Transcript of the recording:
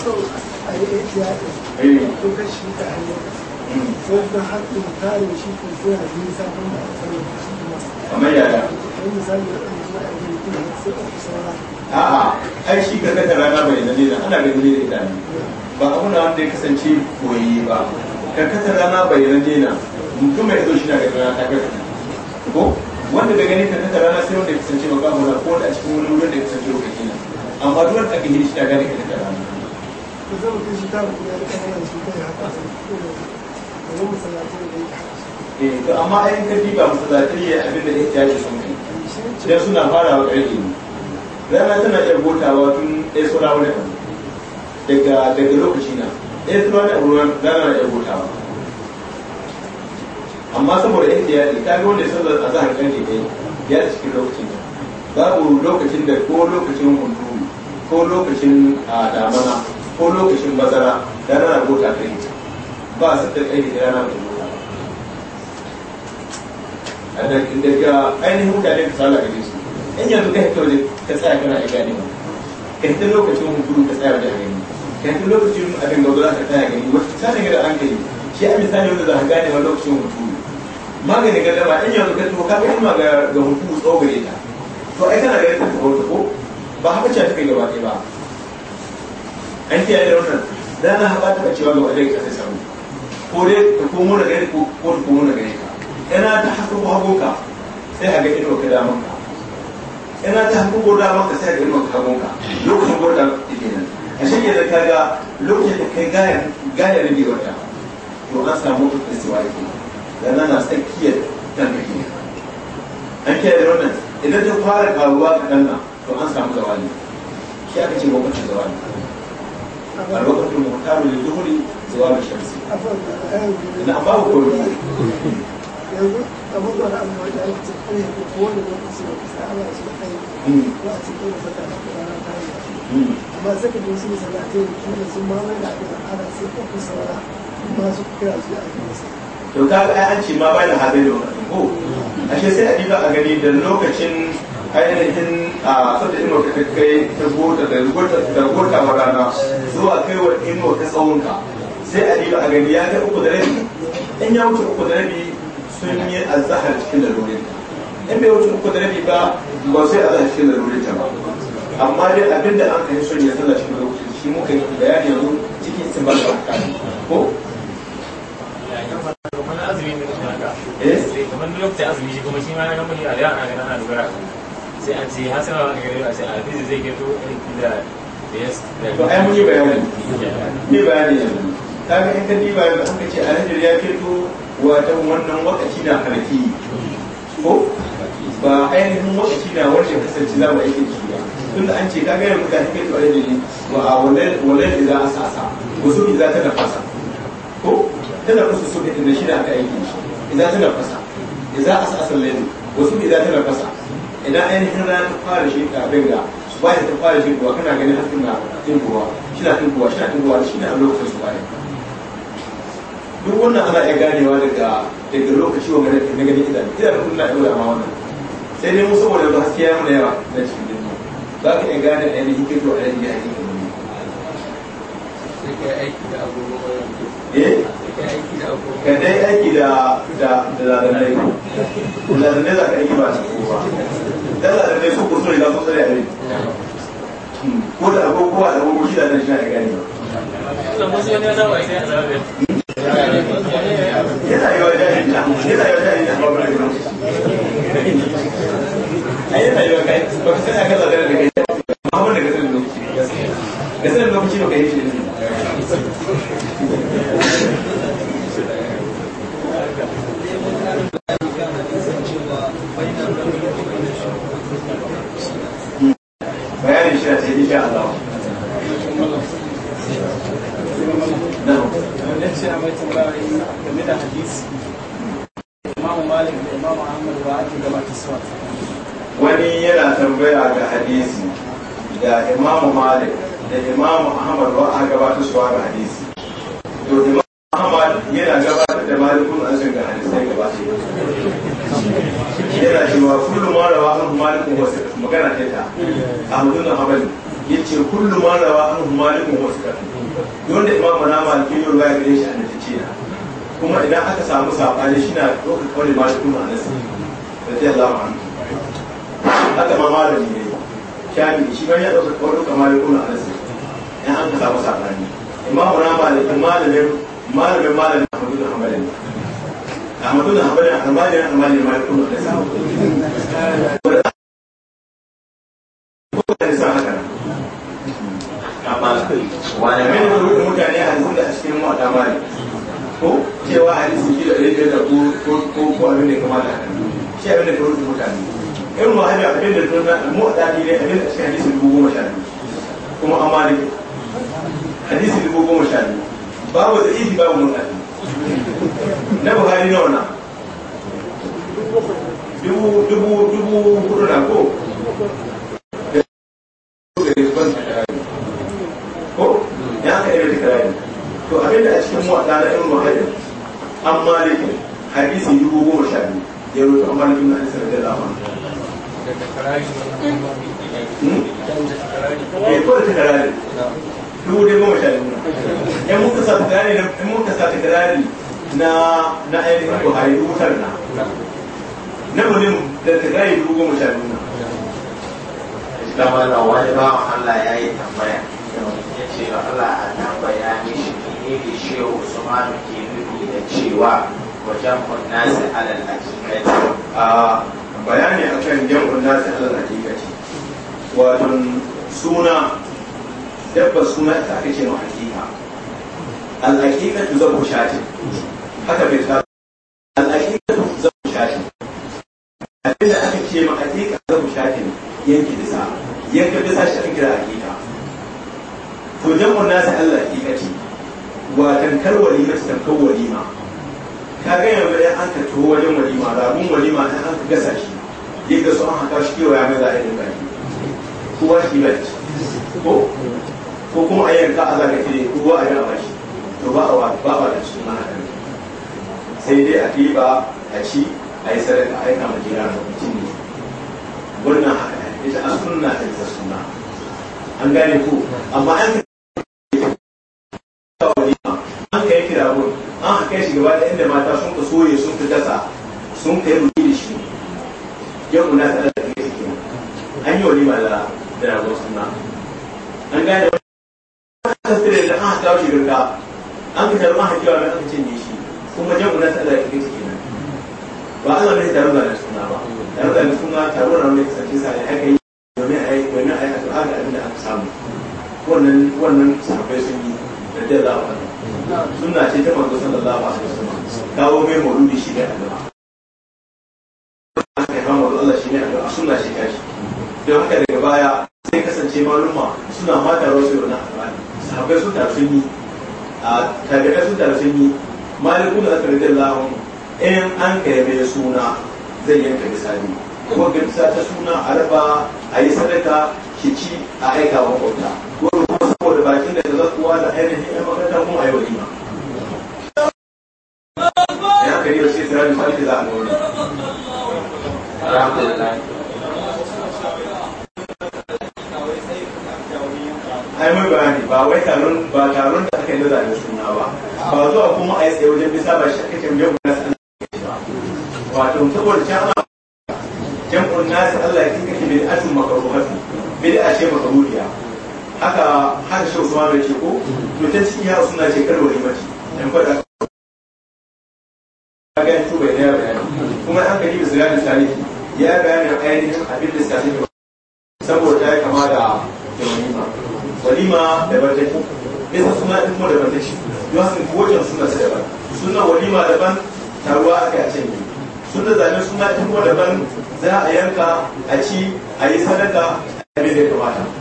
a a a a a ai shi ka kaka rana bai ana bai zane da ita ne ba abu na wanda ya kasance koyi ba karkatar rana bai mutum mai zo shi na daga rana ta ko wanda da gani karkatar rana sai wanda ya kasance ba ba ko da a cikin wani wurin da ya kasance lokaci amma duk wanda aka yi shi na gani rana to zai mutum shi ta mutum ya rika yana da shi ta ya eh, haka su da zai masallatai da ya haka to amma ayin ka diba masallatai ya abin da ya tashi sun kai idan suna farawa ƙarfi ne rana tana iya gotawa tun ɗaya tsora wani abu daga daga lokaci na ɗaya tsora wani abu rana na iya gotawa amma saboda ya tiyari ta ga wanda ya sallar a zahar ƙarfi ne ya cikin lokacin ne babu lokacin ko lokacin hunturu ko lokacin ah, ko lokacin bazara da rana gota ta yi ba su da kai da rana da gota a da daga ainihin mutane da sala ga yesu. in ya kai ta waje ka tsaya kana a gani ba kai ta lokacin gudu ka tsaya da gani kai ta lokacin abin da gura ka tsaya gani ta da gida an kai shi a misali wanda za ka gane wa lokacin magani ga dama in ya duka tuwo ka kai ma ga hunturu tsawo tsogare ta to ai kana ga ta ta ko ba haka ce ta kai gaba ɗaya ba an kiyaye da wannan da na haɓa ta cewa ga wajen ka samu ko dai ta komo na gare ko ta komo na gare ka yana ta hakuku hagunka sai a ga ido ka damar ka yana ta hakuku damar ka sai a ga ido ka hagunka lokacin ta ke nan a shirya da ga lokacin da kai gayar gayar rigewar ta to an samu ta istiwa ke da na na tsakiyar tankaki ne an kiyaye da wannan idan ta fara karuwa kaɗan na to an samu zawani shi aka ce lokacin zawani الوقت المختار للظهر زوال الشمس نعم ما هو قول يقول أبوك أنا أما جعلت تقريه بقول الوقت والساعة أصبحين وقت كل فتاة أما زكت وسيلة سنتين كل ثم ما يلعبون على سكة الصلاة ما سكر أجزاء to ka ga an ce ma bayan hadari ko ashe sai a diba a gani da lokacin ainihin a sanda inuwa ka kai ta gota da gota wa rana zuwa kaiwar inuwa ta tsawonka sai a biyu a gani ya kai uku da rabi in ya wuce uku da rabi sun yi azahar cikin lalurin in bai wuce uku da rabi ba ba sai azahar cikin lalurin ta ba amma dai abinda an kai sun yi sallah cikin lokaci shi muka yi bayani yanzu cikin sun ba da ko ka? Eh? eh. kamar lokacin azumi shi kuma shi ma na gama yi a da ana gana na dogara sai an ce har sama maka gari a ce a fizi zai gato aiki da to ai mun yi bayani ni bayani ne. ta ga in ka diba yanzu aka ce alhaji ya fito wata wannan wakaci na harki ko ba ainihin wakaci na wanda kasance za mu aiki shi ba tun da an ce ka ga yanzu ka fito alhaji ne za a walal idza asasa wasu idza fasa. ko tanafasa su da shi na aka aiki ta idza tanafasa idza asasa lalle. wasu za ta idza fasa. idan ainihin rana ta fara shi da binga ba ta fara shi kuwa kana ganin hasken na tilbuwa shi na tilbuwa shi na tilbuwa shi ne a lokacin su bayan duk wannan ana iya ganewa daga daga lokaci wanda nake na ganin idan idan kun na ɗora ma wannan sai dai mu saboda ba haske ya mana yawa na cikin din mu ba ka iya gane ainihin kirkiro a yanzu ya yi kuma ne. Eh? ka dai aiki da da da da da da da da da da da da da da dalla da dai su kusuri da sun tsare a ko da abu da abu shi da nan shi na gani yana yi wa jahilin da yana yi wa yana yi wa kai ba ka sani a da ka sani bayanin shi ta yi sha Allah a mai tambaya game da hadisi imamu malik da imamu ahmad ba ake wani yana tambaya ga hadisi da imamu malik da imamu ahmad ba a gabata suwa ga hadisi to imamu ahmad yana gabatar da malikun azin ga hadisai gabata yana cewa kullu ma rawa an malikun wasu magana ta ta a hudun habali yace kullu ma rawa an malikun wasu kafi wanda imamu na maliki yau ya gare shi a natice na kuma idan aka samu sabani shi na ɗaukar kawai malikun a nasi da ta yalla ma haka ma malami ne kyami shi ma ya ɗaukar kawai kamar malikun a nasi in an ka samu sabani imamu na malikin malamin malamin malamin أحمد بن حنبل حنبل حنبل ما يكون wani mai rubuta mutane cikin da a cikin mu a ko cewa hadisi kilo ɗari biyar da ko ko ko abin da kamata shi abin da ka mutane irin ma hajji abin da tun mu a ɗari ne abin da cikin hadisi dubu goma sha kuma an maliki hadisi dubu goma sha biyu babu da izi babu mun na buhari ne wannan dubu dubu dubu hudu na ko ko ya ka yi kirari to abin da a cikin mu a tsara irin wahalar an hadisi dubu goma sha biyu ya an na da dala ya hmm? eh, ko da takarari dubu dai goma sha biyu muka sa na na ainihin buhari wutar na na mulim da ta kai dubu goma sha biyu na islamar da wani bawan allah ya yi tambaya ya ce ba allah a tambaya mishi ne da ma usmanu ke nufi da cewa wajen nasi alal hakikati a bayani akan jam'un nasi alal hakikati wato suna dabba suna ta ake ce ma hakika al hakikatu zabu shatin haka ta tsara al'aƙiƙa zamu shafi abinda aka ce ma aƙiƙa zamu shafi yanki bisa yanka bisa shi an kira aƙiƙa to jam'un nasa Allah aƙiƙa ce wa tankar walima ta tankar walima ka ga yanzu da an ka to wajen walima rabun walima an an ka gasa shi ya gasu an haka shi kewa ya a yi dinga shi kowa shi ba ko kuma a yanka a zaka kire kowa a yi a to ba a ba a da cikin mahaɗa sai dai a ɗiba a ci a yi sadaka a aika ma jira da mutum ne wannan haka ita an sunna ta ita suna an gane ku amma an an kai kira mun an haka shi gaba da inda mata sun ka soye sun ka gasa sun kai rubi da shi yau kuna ta ala da kai shi an yi wani mala da ragon suna an gane wani kasar da an haka shi gurga an ka tarbi an haka yawa an ka cin kuma jan guda ta da ke kenan ba Allah bai taro da suna ba taro da suna taro na mai kasance sa da aka yi domin a yi domin a yi addu'a ga abin da aka samu wannan wannan sahabbai sun yi da da Allah sunna ce ta manzo sallallahu alaihi wasallam kawo mai mauludi shi da addu'a aka kama Allah shi ne addu'a sunna ce ta don haka daga baya sai kasance malumma suna ma taro su yana sahabbai sun taru sun yi a tabi'ai sun taru sun yi malikun da aka rage lahun in an kai suna zai yanka misali ko gamsa ta suna a raba a yi sadaka ki ci a aika wa kwauta wani kuma saboda bakin da za kuwa da ainihin yan makaranta kuma a yi walima ya kai da sai tsira misali da za a nuna ai mai bayani ba wai taron ba taron da aka yi da suna ba ba zuwa kuma a yi tsaye wajen bisa ba shi kake mai gudunar sa wato saboda can ana jam'un nasu Allah ya kika bil asu makaruhatu bil ashe makaruhiya haka har shi Usman bai ce ko to ta ciki ya suna ce karwa limaci dan fada ga yanzu bai da bayani kuma an kaji Islam salihi ya bayanin ainihin abin da salihi saboda ya kama da walima walima da barkaci bisa suna ɗin kuma da barkaci don haka ko wajen suna sai ba suna walima daban taruwa aka yi a yi suna zane suna ita daban za a yanka a ci a yi sadaka a da ya kamata